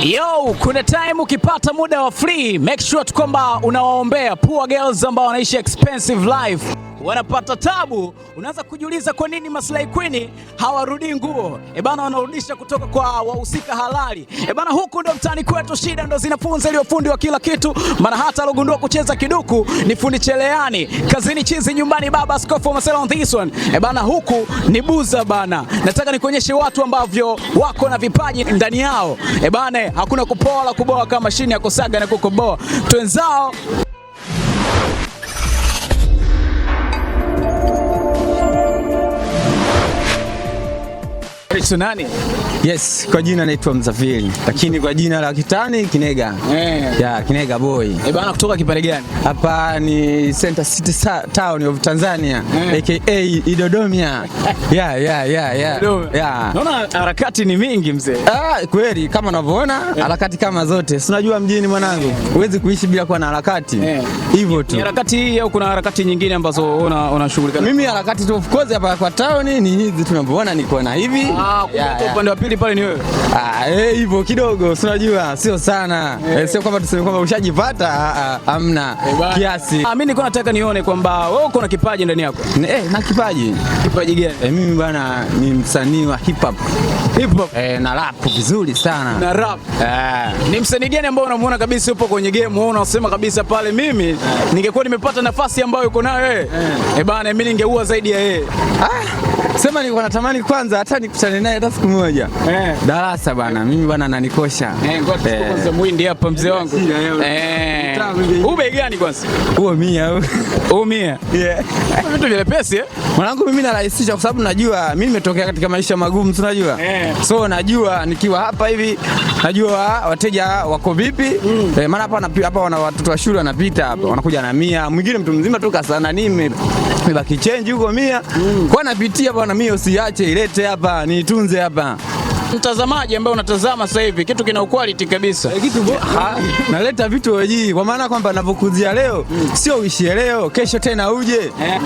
Yo, kuna time ukipata muda wa free, make sure tu kwamba unawaombea poor girls ambao wanaishi expensive life wanapata tabu. Unaanza kujiuliza kwa nini Maslahi Queen hawarudii nguo ebana, wanarudisha kutoka kwa wahusika halali ebana. Huku ndo mtaani kwetu, shida ndo zinafunza ile fundi wa kila kitu, maana hata alogundua kucheza kiduku ni fundi cheleani, kazini chizi, nyumbani baba askofu Marcel on this one ebana, huku ni buza bana. Nataka nikuonyeshe watu ambavyo wako na vipaji ndani yao ebana, hakuna kupoa kuboa kama mashine ya kusaga na kukoboa twenzao Tsunami Yes, kwa jina naitwa Mzafiri, lakini kwa jina la kitani Kinega. Yeah. Yeah, Kinega boy. Eh, bana kutoka kipande gani? Hapa ni Center City Town of Tanzania, yeah. aka Idodomia. Yeah, yeah, yeah, yeah. Idodomia. Yeah. Naona harakati ni mingi mzee. Ah, kweli kama unavyoona eh. harakati yeah. kama zote. Si unajua mjini mwanangu, huwezi yeah. kuishi bila kuwa na harakati. Eh. Hivyo yeah. tu. Ni harakati hii au kuna harakati nyingine ambazo unashughulika? mimi harakati tu of course hapa kwa town ni hizi tunavyoona niko na hivi. Ah, yeah, yeah. upande wa pili zaidi pale ni wewe? Ah, eh, hivyo kidogo, si unajua sio sana yeah. Eh, sio kwamba tuseme kwamba ushajipata, ah, ah, hamna eh, kiasi. Ah, mimi niko nataka nione kwamba wewe uko na kipaji ndani yako. Eh, na kipaji. Kipaji gani? Eh, mimi bwana ni msanii wa hip hop. Hip hop. Eh, na rap vizuri sana. Na rap. Eh. Ni msanii gani ambao unamuona kabisa yupo kwenye game, wewe unasema kabisa pale mimi ningekuwa nimepata nafasi ambayo uko nayo wewe. Eh. eh, eh bwana mimi ningeua zaidi ya yeye. Ah. Sema nilikuwa natamani kwanza hata nikutane naye hata siku moja. Eh. Darasa bana, eh. mimi bana nanikosha. Eh, ngoja eh. kwanza mwindi hapa mzee eh, wangu. Eh. Ube gani kwanza? Huo mia huo. Huo mia. Yeah. Vitu vile pesi eh? Mwanangu mimi narahisisha kwa sababu najua mimi nimetokea katika maisha magumu, tunajua. So najua nikiwa hapa hivi najua wateja wako vipi. Mm. Eh, maana hapa hapa wana watoto wa shule wanapita hapa, mm. wanakuja na mia. Mwingine mtu mzima tu kasana nini? Mebaki change huko mia. Mm. Kwa napitia na mimi usiache, ilete hapa niitunze hapa. Mtazamaji ambaye unatazama sasa hivi kitu kina quality kabisa. Eh, kitu naleta vitu wajii, kwa maana kwamba ninapokujia leo sio uishie leo, kesho tena uje. Eh.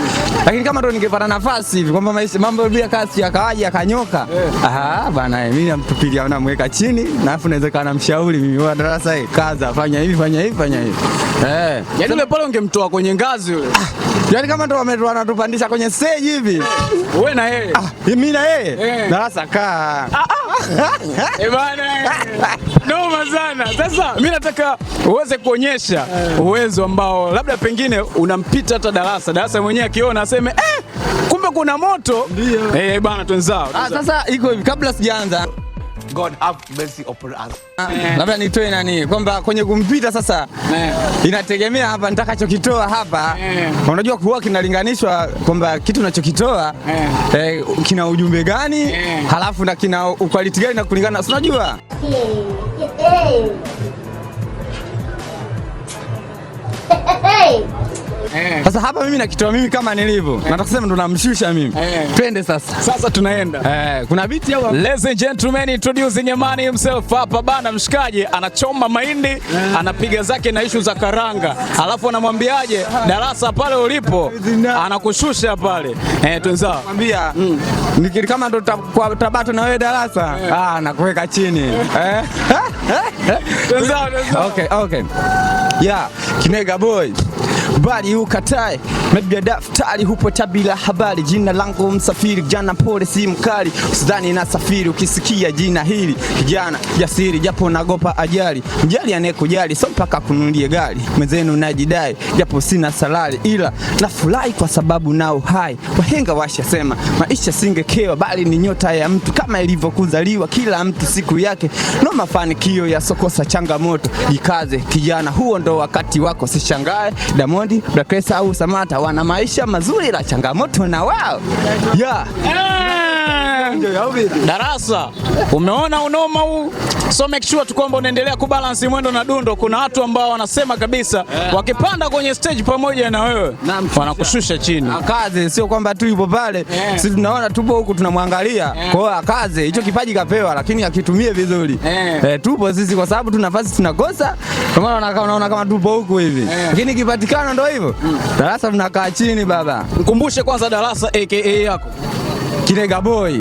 Lakini kama ndo ningepata nafasi hivi kwamba mambo bila kasi yakawaje akanyoka. Eh. Aha, bana mimi namtupilia na mweka chini na afu nawezekana mshauri mimi wa darasa hii kaza fanya hivi fanya hivi fanya hivi. Eh. Yaani yule pale ungemtoa kwenye ngazi yule. Ah, yaani kama ndo wametu wanatupandisha kwenye stage hivi. Wewe na yeye. Ah, Mimi na yeye. Darasa kaa. Ah, noma sana. Eh sasa mi nataka uweze kuonyesha uwezo ambao labda pengine unampita hata darasa darasa mwenyewe akiona aseme eh, kumbe kuna moto eh, bana, twenzao. Ah, sasa iko hivi, kabla sijaanza God have mercy upon us. Labda nitoe nani kwamba kwenye kumpita sasa, inategemea hapa nitakachokitoa hapa. Unajua kuwa kinalinganishwa kwamba kitu unachokitoa eh, kina ujumbe gani halafu na kina ukwaliti gani na kulingana, unajua Eh. Sasa hapa mimi nakitoa mimi kama nilivyo. Eh. Nataka kusema ndo namshusha mimi. Eh. Twende sasa. Sasa tunaenda. Eh, kuna biti au? Ladies and gentlemen, introducing a man himself hapa bana mshikaji anachoma mahindi, anapiga zake na ishu za karanga. Alafu anamwambiaje darasa pale ulipo anakushusha pale. Eh, tunza. Mwambia hmm, nikiri kama ndo tabata na wewe darasa. Ah, nakuweka chini. Eh. Okay, okay. Yeah, Kinega boy bali ukatae. Media daftari hupo tabila habari, jina langu msafiri, jana pole si mkali, usidhani na safiri ukisikia jina hili, kijana jasiri, japo nagopa ajali, mjali anekujali, so mpaka kununulie gari, mwenzenu najidai, japo sina salari, ila nafurahi kwa sababu na hai. Wahenga washasema maisha singekewa, bali ni nyota ya mtu kama kuzaliwa, kila mtu siku yake, no mafanikio ya sokosa changamoto. Jikaze kijana, huo ndo wakati wako, sishangae Diamond Brakesa au Samata hata wana maisha mazuri la changamoto na wao yeah. Ah! Darasa, umeona unoma huu? So make sure tu kwamba unaendelea kubalance mwendo na dundo. Kuna watu ambao wanasema kabisa yeah, wakipanda kwenye stage pamoja na wewe wanakushusha chini. Akaze sio kwamba tu yupo pale, yeah, sisi tunaona tupo huku tunamwangalia, yeah. Kwa hiyo akaze hicho kipaji kapewa, lakini akitumie vizuri, yeah. Eh, tupo sisi kwa sababu tuna nafasi tunakosa, kwa maana unaona kama tupo huku hivi, yeah. Lakini kipatikana ndio hivyo mm. Darasa tunakaa chini baba, mkumbushe kwanza Darasa aka yako Kinega Boy.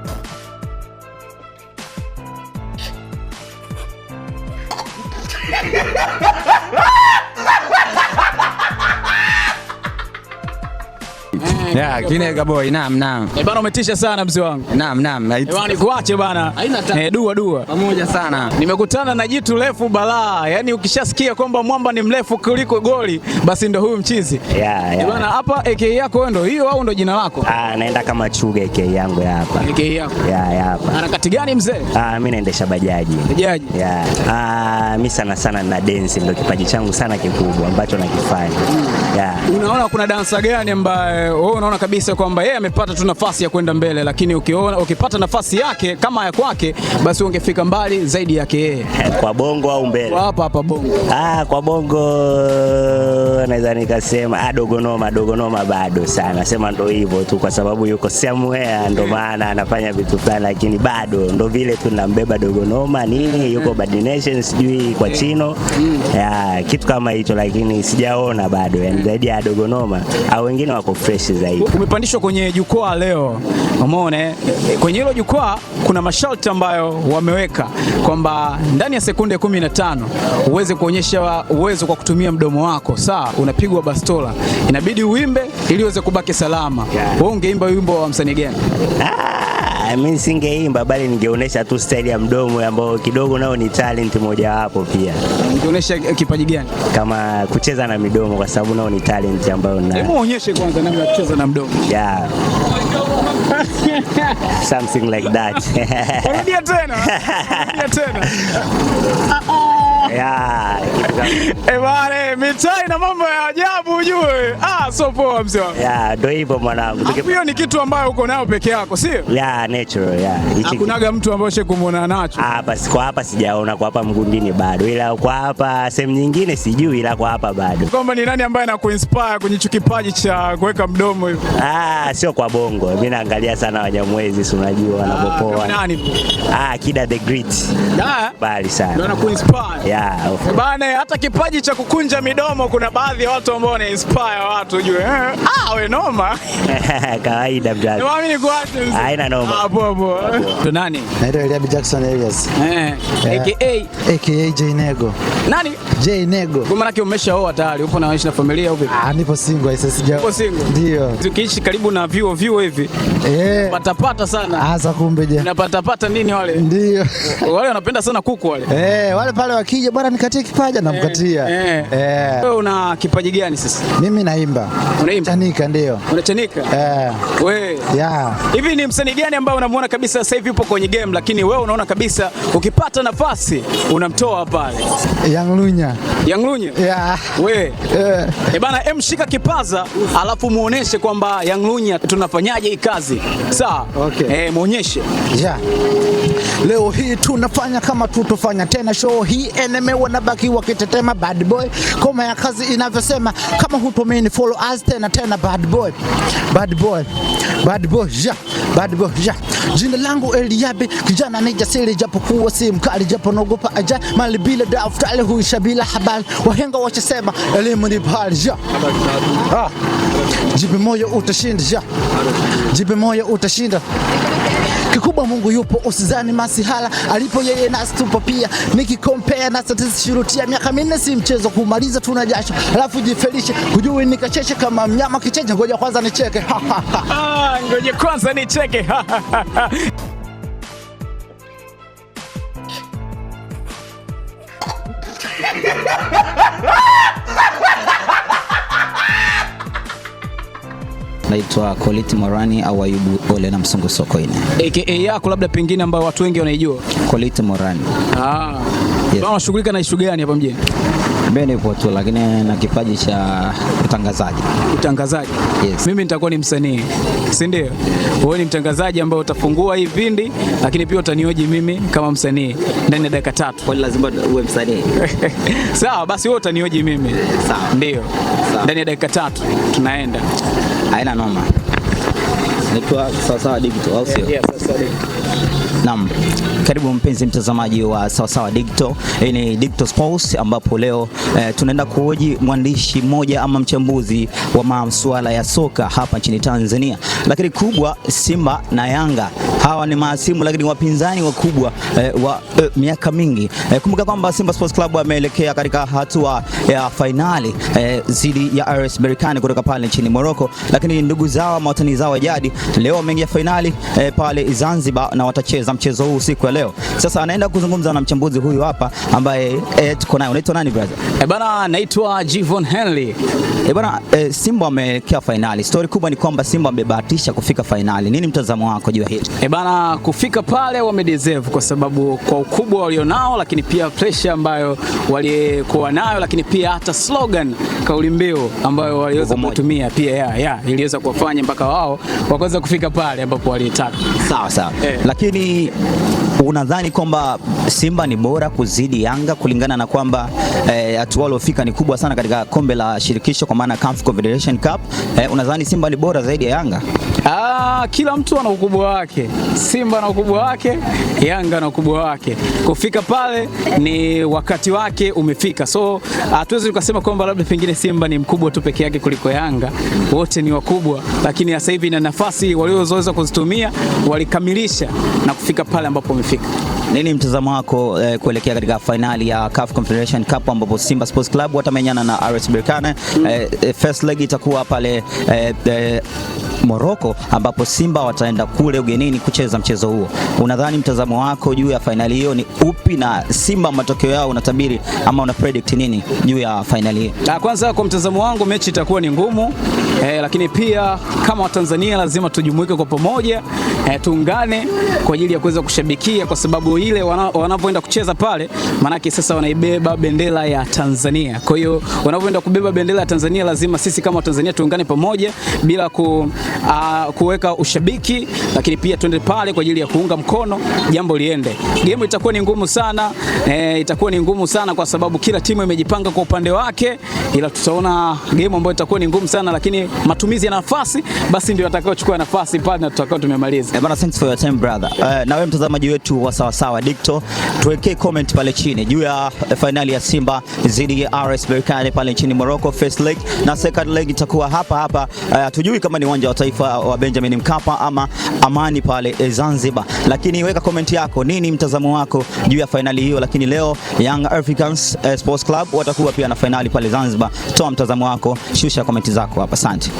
Yeah, Kinega boy. Naam, naam. Eh, bana umetisha sana mzee wangu. Naam, naam. Ni kuache bana. Eh, dua dua. Pamoja sana. Nimekutana na jitu refu balaa. Yaani ukishasikia kwamba mwamba ni mrefu kuliko goli, basi ndo huyu mchizi. Yeah, yeah. Bana hapa AK yako ndo hiyo au ndo jina lako? Ah, naenda kama chuga AK yangu ya hapa. AK yako. Yeah, ya hapa. Harakati gani mzee? Ah, mimi naendesha bajaji. Bajaji. Yeah. Ah, mimi sana sana na dance ndio kipaji changu sana kikubwa ambacho nakifanya. Mm yeah. Unaona kuna dansa gani ambaye wewe unaona kabisa kwamba yeye amepata tu nafasi ya kwenda mbele, lakini ukiona ukipata nafasi yake kama ya kwake, basi ungefika mbali zaidi yake yeye? Kwa bongo au mbele? Kwa hapa hapa bongo. Ah, kwa bongo naweza nikasema ah, dogo noma bado sana, sema ndo hivyo tu, kwa sababu yuko somewhere, ndo maana anafanya vitu fulani, lakini bado ndo vile tunambeba Dogonoma nini, yuko Bad Nation sijui kwa eh. chino mm. ya kitu kama hicho, lakini sijaona bado yani zaidi ya Dogonoma au wengine wako fresh zaidi. Umepandishwa kwenye jukwaa leo, umeona eh, kwenye hilo jukwaa kuna masharti ambayo wameweka kwamba ndani ya sekunde 15 uweze kuonyesha uwezo kwa kutumia mdomo wako. Saa unapigwa bastola, inabidi uimbe ili uweze kubaki salama. Wewe ungeimba wimbo wa msanii gani? Ah, Ah, I singeimba bali ningeonesha tu staili ya mdomo ambao kidogo nao ni talent moja wapo pia. Ungeonesha kipaji gani? Kama kucheza na midomo kwa sababu nao ni talent ambayo ninayo. Hebu onyeshe kwanza namna ya kucheza na mdomo. Yeah. Something like that. Rudia tena. Rudia tena. yeah, e bale, mitaa ina mambo ya ajabu ujue. Ah, so poa mzee wangu. Yeah, ndio hivyo mwanangu. Hiyo ni kitu ambayo uko nayo peke yako, sio? Yeah, natural, yeah. Hakunaga mtu ambaye shekumuona nacho. Ah, basi kwa hapa sijaona, kwa hapa Mgundini bado, ila kwa hapa sehemu nyingine sijui, ila kwa hapa bado. Kwamba ni nani ambaye anakuinspire kwenye kipaji cha kuweka mdomo hivyo? Ah, sio kwa bongo. Mimi naangalia sana Wanyamwezi, si unajua wanapopoa. Ah, nani? Ah, Kida the Great. Ah, bali sana. Ndio anakuinspire yeah. Bana, hata kipaji cha kukunja midomo kuna baadhi ya watu ambao wana inspire watu ujue. Eh, ah, we noma. Kawaida mjaji. Niamini kwa watu. Haina noma. Hapo ah, Tu nani? Naitwa Eliab Jackson Elias. Eh. eh. AKA AKA J Nego. Nani? J Nego. Kwa maana umeshaoa tayari, upo na unaishi na familia upi? Ah, nipo single sasa sija. Upo single? Ndio. Tukiishi karibu na vyuo vyuo hivi. Eh. Patapata sana. Asa ah, kumbe je. Napatapata nini wale? Ndio. Wale wanapenda sana kuku wale. Eh, wale pale wakija akija bwana, nikatie kipaja, namkatia. Eh, eh. Eh. Wewe una kipaji gani sasa? Mimi naimba. Unaimba? Chanika ndio. Unachanika? Eh. Wewe. Yeah. Hivi ni msanii gani ambaye unamuona kabisa sasa hivi yupo kwenye game lakini wewe unaona kabisa ukipata nafasi unamtoa pale? Yang Lunya. Yang Lunya? Yeah. Wewe. Eh. Eh bana, shika kipaza alafu muoneshe kwamba Yang Lunya tunafanyaje hii kazi. Sawa? Okay. Eh, muonyeshe. Yeah. Leo hii tunafanya kama tutofanya tena show hii waneme wanabaki wakitetema bad boy, kama ya kazi inavyosema, kama hutomini follow us tena tena, bad boy, bad boy, bad boy, ja bad boy, ja. Jina langu Eliabi, kijana ni jasiri, japokuwa si mkali, japo naogopa aja mali bila daftari, huisha bila habari, wahenga wachesema elimu ni bali ja. Jipe moyo utashinda, jipe moyo utashinda. Kikubwa Mungu yupo, usizani masihala alipo yeye, nasi tupo pia. Nikikompea na statistics shurutia, miaka minne si mchezo kumaliza, tuna jasho alafu jifelishe, kujui, nikacheche kama mnyama kicheche. Ngoja kwanza nicheke, ah, ngoja kwanza nicheke. anaitwa Koliti Morani au Ayubu Ole na Msungu Sokoine. AKA yako labda pengine ambayo watu wengi wanaijua. Koliti Morani. Ah. Yes. Unashughulika na ishu gani hapa mjini? Mimi nipo tu lakini na kipaji cha utangazaji. Utangazaji? Yes. Mimi nitakuwa ni msanii, si ndio? Wewe ni mtangazaji ambaye utafungua hii vindi, lakini pia utanioji mimi kama msanii ndani ya dakika tatu. Kwa lazima uwe msanii? Sawa, basi wewe utanioji mimi. Sawa. Ndio. Ndani ya dakika tatu tunaenda. Haina noma. Nikiwa sawa sawa digital au sio? Yeah, yeah, sawa sawa digital. Naam, karibu mpenzi mtazamaji wa Sawasawa Digital. Hii ni Digital Sports ambapo leo eh, tunaenda kuhoji mwandishi mmoja ama mchambuzi wa masuala ya soka hapa nchini Tanzania. Lakini kubwa Simba na Yanga hawa ni maasimu lakini wapinzani wakubwa eh, wa eh, miaka mingi eh, kumbuka kwamba Simba Sports Club ameelekea katika hatua ya fainali eh, dhidi eh, ya RS Berkane kutoka pale nchini Morocco, lakini ndugu zao watani zao wa jadi leo wameingia fainali eh, pale Zanzibar na watacheza za mchezo huu usiku ya leo. Sasa anaenda kuzungumza na mchambuzi huyu hapa ambaye eh, tuko naye. Unaitwa nani brother? Eh bana, naitwa Jivon Henry. Eh bana, eh, Simba ameelekea fainali. Story kubwa ni kwamba Simba amebahatisha kufika fainali. Nini mtazamo wako juu ya hili? Eh bana, kufika pale deserve kwa sababu kwa ukubwa walionao, lakini pia pressure ambayo walikuwa nayo, lakini pia hata slogan, kauli mbiu ambayo waliweza kutumia pia ya, ya, iliweza kuwafanya mpaka wao wakaweza kufika pale ambapo walitaka. Sawa sawa. Eh. Lakini unadhani kwamba Simba ni bora kuzidi Yanga kulingana na kwamba eh, hatua eh, waliofika ni kubwa sana katika kombe la shirikisho kwa maana CAF Confederation Cup eh, unadhani Simba ni bora zaidi ya Yanga? Ah, kila mtu ana ukubwa wake. Simba na ukubwa wake, Yanga na ukubwa wake. Kufika pale ni wakati wake umefika, so hatuwezi tukasema kwamba labda pengine Simba ni mkubwa tu peke yake kuliko Yanga, wote ni wakubwa, lakini sasa hivi na nafasi waliozoweza kuzitumia walikamilisha na kufika pale ambapo wamefika. Nini mtazamo wako eh, kuelekea katika fainali ya CAF Confederation Cup ambapo Simba Sports Club watamenyana na RS Berkane? mm. Eh, eh, first leg itakuwa pale eh, eh, Morocco ambapo Simba wataenda kule ugenini kucheza mchezo huo. Unadhani mtazamo wako juu ya fainali hiyo ni upi, na Simba matokeo yao unatabiri ama una predict nini juu ya fainali hiyo? Ah, kwanza kwa mtazamo wangu mechi itakuwa ni ngumu eh, lakini pia kama Watanzania lazima tujumuike kwa pamoja eh, tuungane kwa ajili ya kuweza kushabikia kwa sababu ile wanapoenda kucheza pale, maanake sasa wanaibeba bendera ya Tanzania. Kwa hiyo wanapoenda kubeba bendera ya Tanzania lazima sisi kama Watanzania tuungane pamoja bila ku uh, kuweka ushabiki, lakini pia twende pale kwa ajili ya kuunga mkono jambo liende. Game itakuwa ni ngumu sana e, itakuwa ni ngumu sana kwa sababu kila timu imejipanga kwa upande wake, ila tutaona game ambayo itakuwa ni ngumu sana, lakini matumizi ya nafasi basi ndio atakayochukua nafasi pale na tutakao tumemaliza. Eh, bana, thanks for your time brother. Uh, na wewe mtazamaji wetu wa sawa sawa Dikto, tuwekee comment pale chini juu ya finali ya Simba dhidi ya RS Berkane pale nchini Morocco. First leg na second leg itakuwa hapa hapa, Uh, tujui kama ni uwanja taifa wa Benjamin Mkapa ama Amani pale eh, Zanzibar. Lakini weka komenti yako, nini mtazamo wako juu ya fainali hiyo? Lakini leo Young Africans eh, Sports Club watakuwa pia na fainali pale Zanzibar. Toa mtazamo wako, shusha komenti zako hapa. Asante.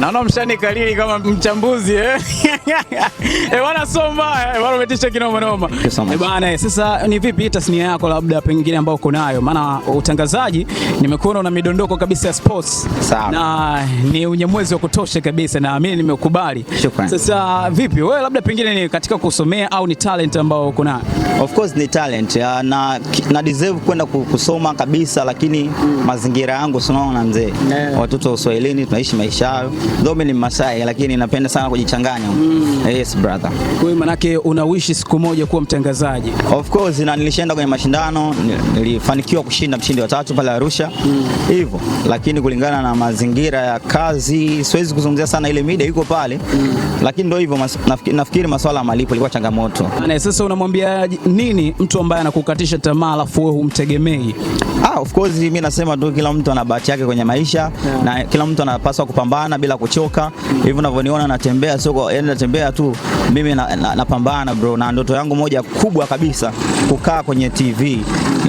Naona mshani kalili kama mchambuzi eh? Eh, bwana, so mbaya eh, bwana, umetisha kinoma noma eh, bwana. Sasa ni vipi tasnia yako labda pengine ambayo uko nayo, maana utangazaji nimekuona na midondoko kabisa ya sports Sawa. na ni unyemwezi wa kutosha kabisa, na mimi nimekubali. Sasa vipi wewe, labda pengine ni katika kusomea au ni talent ambayo uko nayo? Of course ni talent na, na deserve kwenda kusoma kabisa, lakini mm. mazingira yangu unaona mzee, yeah. watoto wa Uswahilini tunaishi maisha hayo, mimi ni Masai, lakini napenda sana kujichanganya mm. Mm. Yes brother. Kwa hiyo manake unawishi siku moja kuwa mtangazaji? Of course, na nilishaenda kwenye mashindano nilifanikiwa kushinda mshindi wa tatu pale Arusha hivyo mm. Lakini kulingana na mazingira ya kazi siwezi kuzungumzia sana, ile mida iko pale mm. Lakini ndio hivyo, nafikiri masuala ya malipo ilikuwa changamoto. Sasa unamwambia nini mtu ambaye anakukatisha tamaa alafu wewe humtegemei? Ah, of course mimi nasema tu kila mtu ana bahati yake kwenye maisha yeah. Na kila mtu anapaswa kupambana bila kuchoka mm. unavyoniona natembea sio natembea tu mimi napambana na, na bro, na ndoto yangu moja kubwa kabisa kukaa kwenye TV,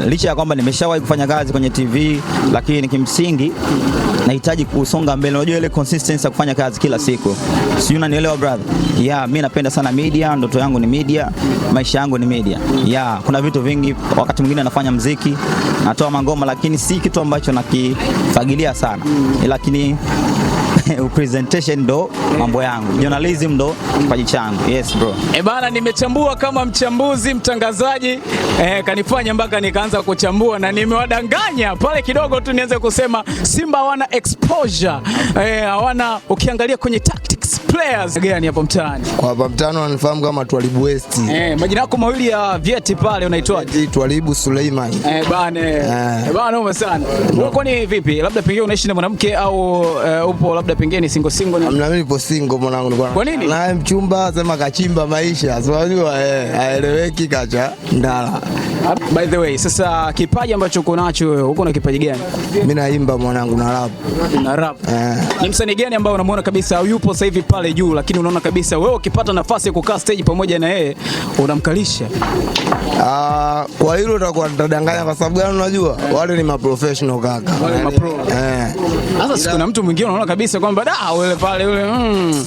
licha ya kwamba nimeshawahi kufanya kazi kwenye TV, lakini kimsingi nahitaji kusonga mbele. Unajua ile consistency ya kufanya kazi kila siku, sijui unanielewa brother? Yeah, mimi napenda sana media, ndoto yangu ni media, maisha yangu ni media. Yeah, kuna vitu vingi, wakati mwingine nafanya mziki, natoa mangoma, lakini si kitu ambacho nakifagilia sana, lakini presentation ndo mambo yangu, journalism ndo kipaji changu. Yes bro. eh bana, nimechambua kama mchambuzi mtangazaji eh, kanifanya mpaka nikaanza kuchambua na nimewadanganya pale kidogo tu nianze kusema Simba hawana exposure eh, hawana ukiangalia kwenye tactics players gani hapo mtaani? Kwa hapa mtaani wananifahamu kama Twalibu West. Eh, majina yako mawili ya vieti pale unaitwaje? Twalibu Suleiman. Eh, bana. Eh, eh bana ume sana. Uko ni vipi? Labda pengine unaishi na mwanamke au uh, upo labda pengine ni single single ni? Mimi nipo single mwanangu nilikuwa. Kwa nini? Naye mchumba sema kachimba maisha. unajua eh, aeleweki kacha ndala. Ah, by the way, sasa kipaji ambacho uko nacho wewe, uko na kipaji gani? Mimi naimba mwanangu na rap. Na rap. Eh. Ni msanii gani ambaye unamwona kabisa yupo sasa hivi pale pale juu, lakini unaona kabisa wewe ukipata nafasi ya kukaa stage pamoja na yeye unamkalisha. Ah, kwa hilo utakuwa tutadanganya kwa sababu gani? Unajua wale ni maprofessional kaka, wale yaani, mapro. Eh, sasa siku na mtu mwingine unaona kabisa kwamba da wale pale yule mm.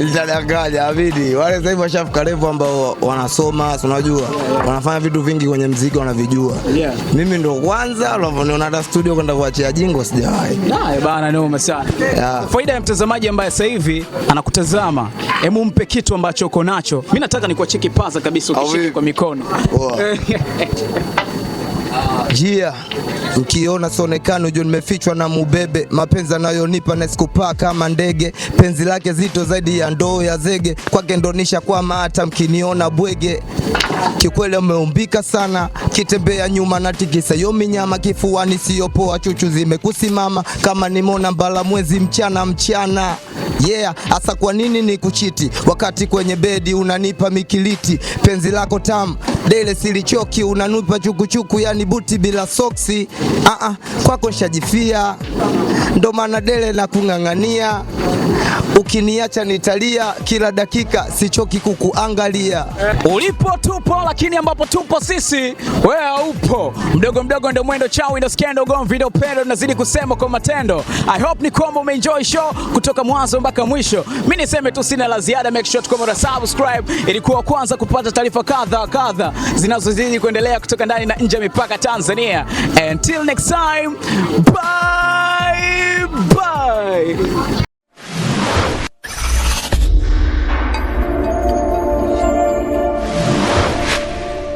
Litadanganya abidi wale sasa hivi washafika level ambao wanasoma, unajua wanafanya vitu vingi kwenye mziki wanavijua. Yeah. Mimi ndo kwanza unaona hata studio kwenda kuachia jingo sijawahi. Bana, noma sana. Faida ya mtazamaji ambaye ambaye sasa hivi anakutazama, hebu mpe kitu ambacho uko nacho. Mimi nataka nikuachie kipaza kabisa, ukishike kwa mikono jia Ukiona sonekano juu nimefichwa na mubebe, mapenzi anayonipa na sikupaa kama ndege, penzi lake zito zaidi ya ndoo ya zege, kwake ndonisha kwama hata mkiniona bwege. Kikweli umeumbika sana, kitembea nyuma na tikisa yo minyama, kifuani siyopoa, chuchu zimekusimama kama nimona mbala mwezi mchana mchana yeah. Hasa kwa nini ni kuchiti wakati kwenye bedi unanipa mikiliti? Penzi lako tamu dele silichoki, unanipa chukuchuku, yani buti bila soksi. Ah, ah, kwako nshajifia, ndo maana dele na kung'ang'ania Ukiniacha nitalia kila dakika, sichoki kukuangalia. Ulipo tupo, lakini ambapo tupo sisi wewe haupo. Mdogo mdogo ndio mwendo chao, ndio skendo, ugomvi video upendo, tunazidi kusema kwa matendo. I hope ni kwamba umeenjoy show kutoka mwanzo mpaka mwisho. Mimi niseme tu, sina la ziada, make sure tukomo na subscribe ili kuwa kwanza kupata taarifa kadha kadha zinazozidi kuendelea kutoka ndani na nje ya mipaka Tanzania. Until next time, bye bye.